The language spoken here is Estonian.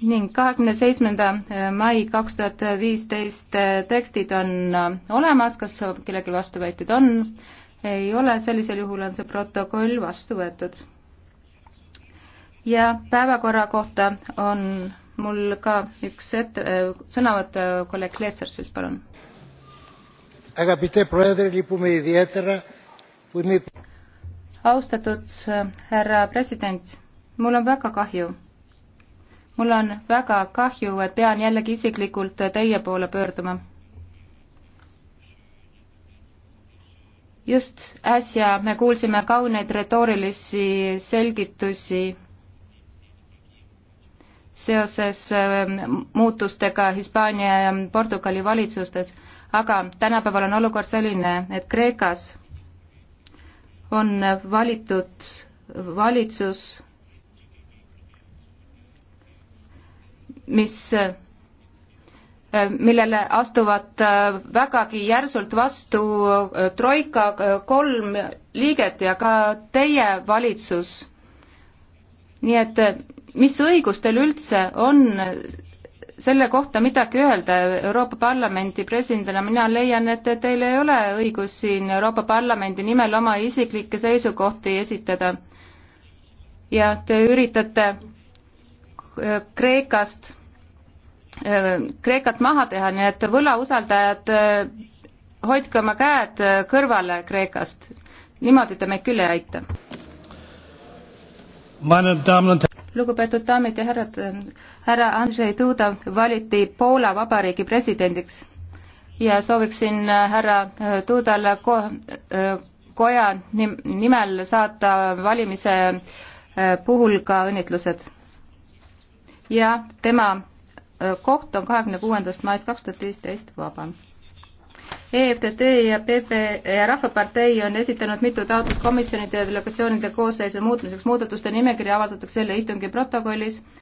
ning kahekümne seitsmenda eh, mai kaks tuhat viisteist eh, tekstid on eh, olemas, kas kellelgi vastu võetud on? ei ole, sellisel juhul on see protokoll vastu võetud. ja päevakorra kohta on mul ka üks ette, sõnavõtt kolleeg Kleetsersilt, palun. austatud härra president, mul on väga kahju mul on väga kahju, et pean jällegi isiklikult teie poole pöörduma. just äsja me kuulsime kauneid retoorilisi selgitusi seoses ähm, muutustega Hispaania ja Portugali valitsustes, aga tänapäeval on olukord selline, et Kreekas on valitud valitsus, mis millele astuvad äh, vägagi järsult vastu äh, Troika äh, kolm liiget ja ka teie valitsus. nii et mis õigus teil üldse on selle kohta midagi öelda Euroopa Parlamendi presidendina, mina leian, et teil ei ole õigus siin Euroopa Parlamendi nimel oma isiklikke seisukohti esitada. ja te üritate Kreekast Kreekat maha teha, nii et võlausaldajad, eh, hoidke oma käed eh, kõrvale Kreekast. niimoodi te meid küll ei aita. lugupeetud daamid ja härrad, eh, härra Andrzej Duda valiti Poola Vabariigi presidendiks ja sooviksin härra Dudale ko-, koja nim-, nimel saata valimise puhul ka õnnitlused. ja tema koht on kahekümne kuuendast maist kaks tuhat viisteist vaba. EFTT ja PP ja Rahvapartei on esitanud mitu taotlust komisjonide ja delegatsioonide koosseisu muutmiseks, muudatuste nimekiri avaldatakse selle istungi protokollis.